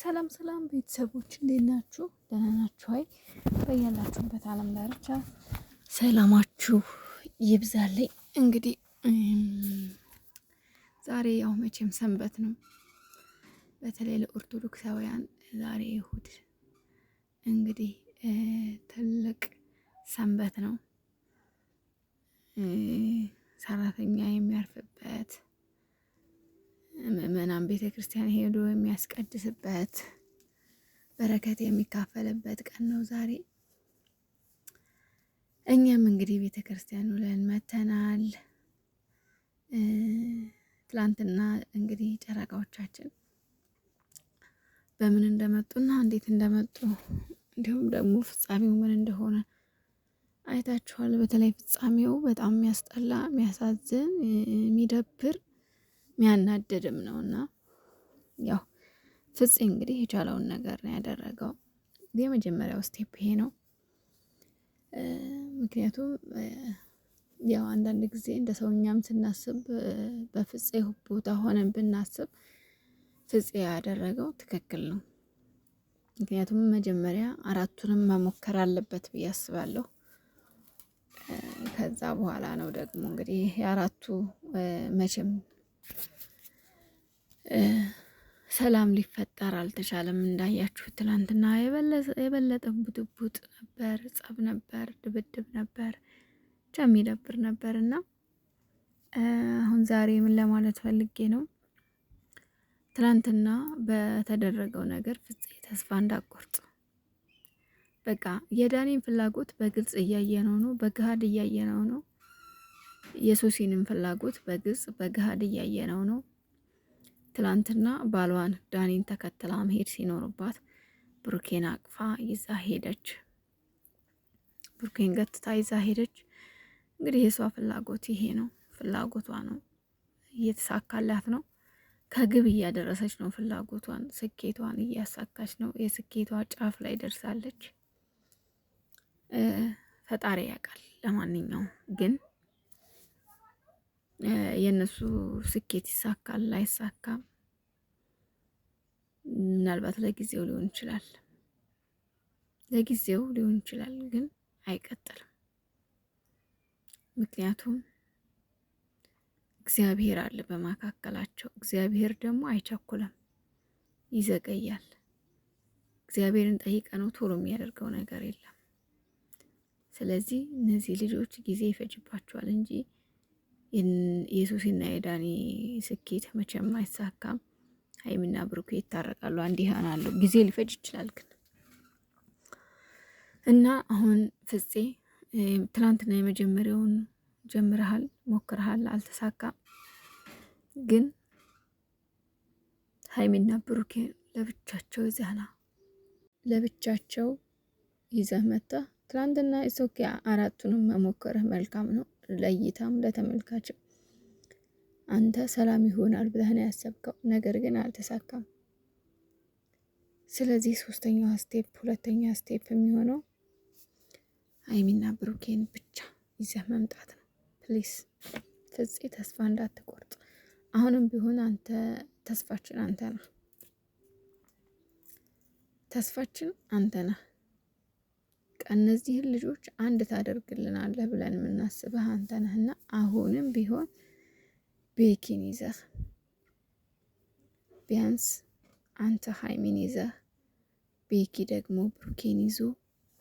ሰላም ሰላም ቤተሰቦች እንዴት ናችሁ? ደህና ናችሁ? አይ በያላችሁበት ዓለም ዳርቻ ሰላማችሁ ይብዛልኝ። እንግዲህ ዛሬ ያው መቼም ሰንበት ነው፣ በተለይ ለኦርቶዶክሳውያን ዛሬ እሁድ እንግዲህ ትልቅ ሰንበት ነው፣ ሰራተኛ የሚያርፍበት ምእመናን ቤተ ክርስቲያን ሄዶ የሚያስቀድስበት በረከት የሚካፈልበት ቀን ነው ዛሬ። እኛም እንግዲህ ቤተ ክርስቲያን ውለን መተናል። ትላንትና እንግዲህ ጨረቃዎቻችን በምን እንደመጡና እንዴት እንደመጡ እንዲሁም ደግሞ ፍጻሜው ምን እንደሆነ አይታችኋል። በተለይ ፍጻሜው በጣም የሚያስጠላ፣ የሚያሳዝን፣ የሚደብር የሚያናድድም ነውና ያው ፍፄ እንግዲህ የቻለውን ነገር ነው ያደረገው። የመጀመሪያው ስቴፕ ይሄ ነው። ምክንያቱም ያው አንዳንድ ጊዜ እንደ ሰውኛም ስናስብ በፍጽ ቦታ ሆነን ብናስብ ፍፄ ያደረገው ትክክል ነው። ምክንያቱም መጀመሪያ አራቱንም መሞከር አለበት ብዬ አስባለሁ። ከዛ በኋላ ነው ደግሞ እንግዲህ የአራቱ መቼም ሰላም ሊፈጠር አልተቻለም። እንዳያችሁ ትላንትና የበለጠ ቡጥቡጥ ነበር፣ ጸብ ነበር፣ ድብድብ ነበር፣ ብቻ የሚደብር ነበር እና አሁን ዛሬ ምን ለማለት ፈልጌ ነው፣ ትላንትና በተደረገው ነገር ፍጽሄ ተስፋ እንዳቆርጥ በቃ የዳኒን ፍላጎት በግልጽ እያየ ነው፣ እያየ ነው ነው። የሶሲንም ፍላጎት በግልጽ በገሃድ እያየነው ነው። ትላንትና ባሏን ዳኒን ተከትላ መሄድ ሲኖርባት ብሩኬን አቅፋ ይዛ ሄደች። ብሩኬን ገትታ ይዛ ሄደች። እንግዲህ የሷ ፍላጎት ይሄ ነው፣ ፍላጎቷ ነው። እየተሳካላት ነው፣ ከግብ እያደረሰች ነው። ፍላጎቷን ስኬቷን እያሳካች ነው። የስኬቷ ጫፍ ላይ ደርሳለች። ፈጣሪ ያውቃል። ለማንኛውም ግን የእነሱ ስኬት ይሳካል አይሳካም፣ ምናልባት ለጊዜው ሊሆን ይችላል፣ ለጊዜው ሊሆን ይችላል፣ ግን አይቀጥልም። ምክንያቱም እግዚአብሔር አለ በመካከላቸው። እግዚአብሔር ደግሞ አይቸኩልም፣ ይዘገያል። እግዚአብሔርን ጠይቀ ነው ቶሎ የሚያደርገው ነገር የለም። ስለዚህ እነዚህ ልጆች ጊዜ ይፈጅባቸዋል እንጂ የሱሲና የዳኒ ስኬት መቼም አይሳካም። ሀይሚና ብሩክ ይታረቃሉ፣ አንድ ይሆናሉ። ጊዜ ሊፈጅ ይችላል ግን እና አሁን ፍፄ ትላንትና የመጀመሪያውን ጀምረሃል፣ ሞክረሃል፣ አልተሳካም። ግን ሀይሚና ብሩኬ ለብቻቸው ይዘህና ለብቻቸው ይዘህ መታ ትላንትና ኢሶኪያ አራቱንም መሞከርህ መልካም ነው። ለእይታም ለተመልካችም አንተ ሰላም ይሆናል ብለህ ነው ያሰብከው፣ ነገር ግን አልተሳካም። ስለዚህ ሶስተኛው ስቴፕ ሁለተኛ ስቴፕ የሚሆነው ሀይሚና ብሩኬን ብቻ ይዘህ መምጣት ነው። ፕሊስ ፍፄ ተስፋ እንዳትቆርጥ። አሁንም ቢሆን አንተ ተስፋችን አንተ ነህ። ተስፋችን አንተ ነህ። እነዚህን ልጆች አንድ ታደርግልናለህ ብለን የምናስብህ አንተ ነህና አሁንም ቢሆን ቤኪን ይዘህ ቢያንስ አንተ ሀይሚን ይዘህ ቤኪ ደግሞ ብሩኬን ይዞ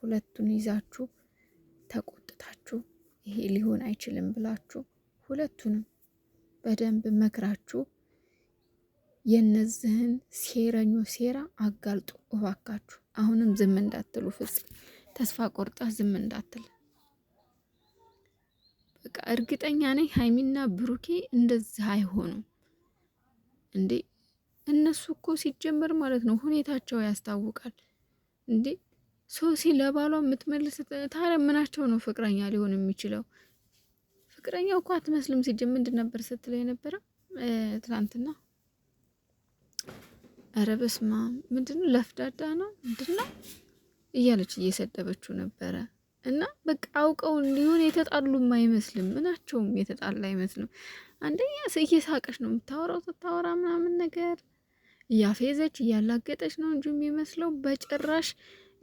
ሁለቱን ይዛችሁ ተቆጥታችሁ ይሄ ሊሆን አይችልም ብላችሁ ሁለቱንም በደንብ መክራችሁ የነዚህን ሴረኞ ሴራ አጋልጡ እባካችሁ። አሁንም ዝም እንዳትሉ ፍጽም ተስፋ ቆርጣ ዝም እንዳትል። በቃ እርግጠኛ ነኝ ሀይሚና ብሩኬ እንደዚህ አይሆኑም እንዴ። እነሱ እኮ ሲጀመር ማለት ነው ሁኔታቸው ያስታውቃል እንዴ። ሶሲ ለባሏ የምትመልስ ታዲያ ምናቸው ነው ፍቅረኛ ሊሆን የሚችለው? ፍቅረኛው እኮ አትመስልም። ሲጀምር ምንድን ነበር ስትለው የነበረ ትናንትና? ኧረ በስመ አብ ምንድን ነው ለፍዳዳ ነው ምንድን ነው? እያለች እየሰደበችው ነበረ። እና በቃ አውቀው እንዲሆን የተጣሉም አይመስልም፣ ምናቸውም የተጣላ አይመስልም። አንደኛ እየሳቀች ነው የምታወራው፣ ስታወራ ምናምን ነገር እያፌዘች እያላገጠች ነው እንጂ የሚመስለው በጭራሽ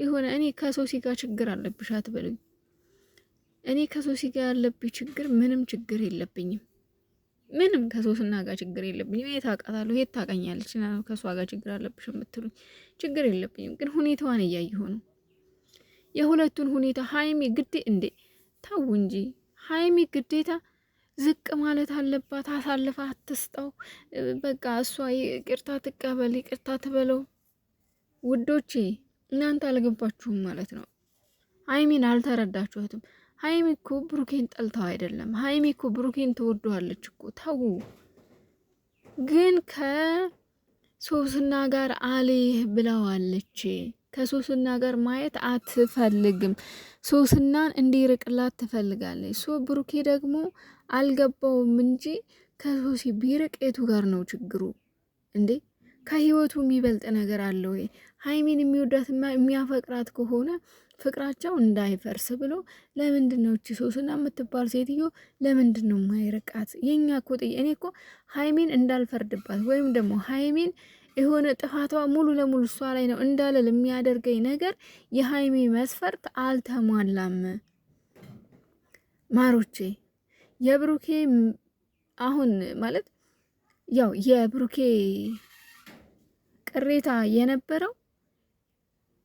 የሆነ እኔ ከሶሲ ጋር ችግር አለብሽ አትበሉኝ። እኔ ከሶሲ ጋር ያለብኝ ችግር ምንም ችግር የለብኝም። ምንም ከሶስና ጋር ችግር የለብኝም። እኔ ታውቃታለሁ፣ የት ታውቃኛለች። ከሷ ጋር ችግር አለብሽ የምትሉኝ ችግር የለብኝም፣ ግን ሁኔታዋን እያየሁ ነው የሁለቱን ሁኔታ ሀይሚ ግዴ እንዴ ተው እንጂ ሀይሚ ግዴታ ዝቅ ማለት አለባት። አሳልፋ አትስጠው። በቃ እሷ ይቅርታ ትቀበል፣ ይቅርታ ትበለው። ውዶቼ እናንተ አልገባችሁም ማለት ነው። ሀይሚን አልተረዳችሁትም። ሀይሚ እኮ ብሩኬን ጠልተው አይደለም። ሀይሚ እኮ ብሩኬን ትወደዋለች እኮ ተው። ግን ከሶስና ጋር አሌ ብለዋለች። ከሶስና ጋር ማየት አትፈልግም። ሶስናን እንዲርቅላት ትፈልጋለች። ሶ ብሩኬ ደግሞ አልገባውም እንጂ ከሶሲ ቢርቅ የቱ ጋር ነው ችግሩ እንዴ? ከህይወቱ የሚበልጥ ነገር አለ ወይ? ሀይሚን የሚወዳትና የሚያፈቅራት ከሆነ ፍቅራቸው እንዳይፈርስ ብሎ ለምንድን ነው እቺ ሶስና የምትባል ሴትዮ ለምንድን ነው ማይርቃት? የኛ እኮ እኔ እኮ ሀይሚን እንዳልፈርድባት ወይም ደግሞ ሀይሚን የሆነ ጥፋቷ ሙሉ ለሙሉ እሷ ላይ ነው እንዳለል የሚያደርገኝ ነገር የሀይሚ መስፈርት አልተሟላም። ማሮቼ የብሩኬ አሁን ማለት ያው የብሩኬ ቅሬታ የነበረው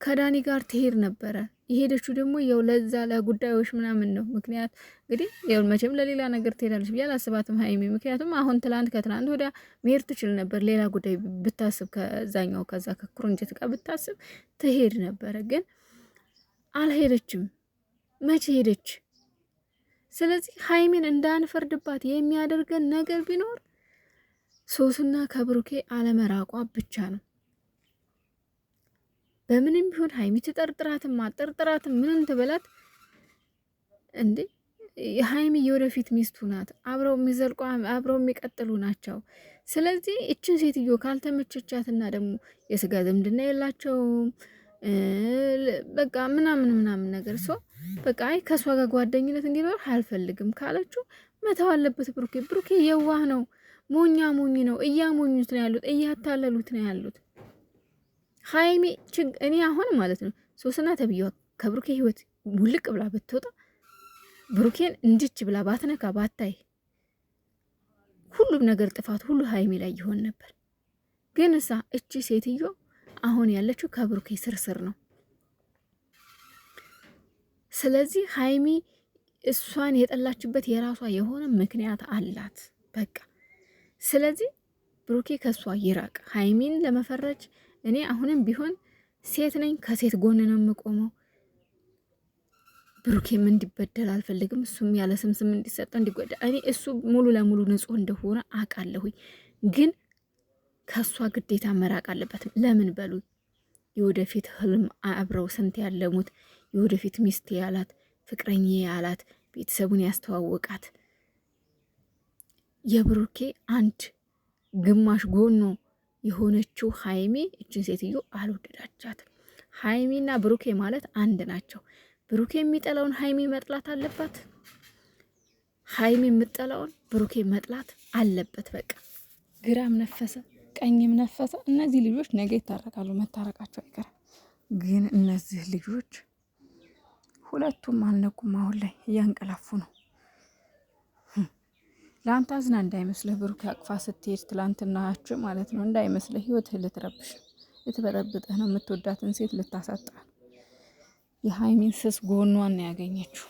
ከዳኒ ጋር ትሄድ ነበረ የሄደችው ደግሞ ያው ለዛ ለጉዳዮች ምናምን ነው። ምክንያት እንግዲህ ያው መቼም ለሌላ ነገር ትሄዳለች ብዬ አላስባትም ሀይሚ። ምክንያቱም አሁን ትላንት ከትላንት ወዲያ መሄድ ትችል ነበር፣ ሌላ ጉዳይ ብታስብ ከዛኛው ከዛ ከኩርንችት ጋር ብታስብ ትሄድ ነበረ፣ ግን አልሄደችም። መቼ ሄደች? ስለዚህ ሀይሚን እንዳንፈርድባት የሚያደርገን ነገር ቢኖር ሶስና ከብሩኬ አለመራቋ ብቻ ነው። በምንም ቢሆን ሀይሚ ትጠርጥራትም አጠርጥራትም ምንም ትበላት እንዴ የሀይሚ የወደፊት ሚስቱ ናት። አብረው የሚዘልቁ አብረው የሚቀጥሉ ናቸው። ስለዚህ እችን ሴትዮ ካልተመቸቻትና ደግሞ የስጋ ዝምድና የላቸውም በቃ ምናምን ምናምን ነገር ሰው በቃ አይ ከእሷ ጋር ጓደኝነት እንዲኖር አልፈልግም ካለችው መተው አለበት። ብሩኬ ብሩኬ የዋህ ነው፣ ሞኛ ሞኝ ነው። እያሞኙት ነው ያሉት፣ እያታለሉት ነው ያሉት። ሀይሚ ችግ እኔ አሁን ማለት ነው ሶስና ተብዬዋ ከብሩኬ ህይወት ውልቅ ብላ ብትወጣ ብሩኬን እንድች ብላ ባትነካ ባታይ ሁሉም ነገር ጥፋት ሁሉ ሀይሚ ላይ ይሆን ነበር። ግን እሳ እቺ ሴትዮ አሁን ያለችው ከብሩኬ ስርስር ነው። ስለዚህ ሀይሚ እሷን የጠላችበት የራሷ የሆነ ምክንያት አላት። በቃ ስለዚህ ብሩኬ ከእሷ ይራቅ። ሀይሚን ለመፈረጅ እኔ አሁንም ቢሆን ሴት ነኝ፣ ከሴት ጎን ነው የምቆመው። ብሩኬም እንዲበደል አልፈልግም። እሱም ያለ ስም ስም እንዲሰጠው እንዲጎዳ እኔ እሱ ሙሉ ለሙሉ ንጹሕ እንደሆነ አውቃለሁኝ፣ ግን ከእሷ ግዴታ መራቅ አለበት። ለምን በሉ የወደፊት ህልም አብረው ስንት ያለሙት የወደፊት ሚስት ያላት ፍቅረኛ ያላት ቤተሰቡን ያስተዋወቃት የብሩኬ አንድ ግማሽ ጎኖ የሆነችው ሀይሚ እችን ሴትዮ አልወደዳቻት። ሀይሚና ብሩኬ ማለት አንድ ናቸው። ብሩኬ የሚጠላውን ሀይሚ መጥላት አለባት። ሀይሚ የምጠላውን ብሩኬ መጥላት አለበት። በቃ ግራም ነፈሰ ቀኝም ነፈሰ፣ እነዚህ ልጆች ነገ ይታረቃሉ። መታረቃቸው አይቀርም። ግን እነዚህ ልጆች ሁለቱም አልነቁም። አሁን ላይ እያንቀላፉ ነው። ለአንተ አዝና እንዳይመስልህ ብሩክ አቅፋ ስትሄድ ትላንትናችሁ ማለት ነው እንዳይመስልህ ህይወትህ ልትረብሽ ልትበጠብጥህ ነው። የምትወዳትን ሴት ልታሳጣ የሀይሚን ስስ ጎኗን ያገኘችው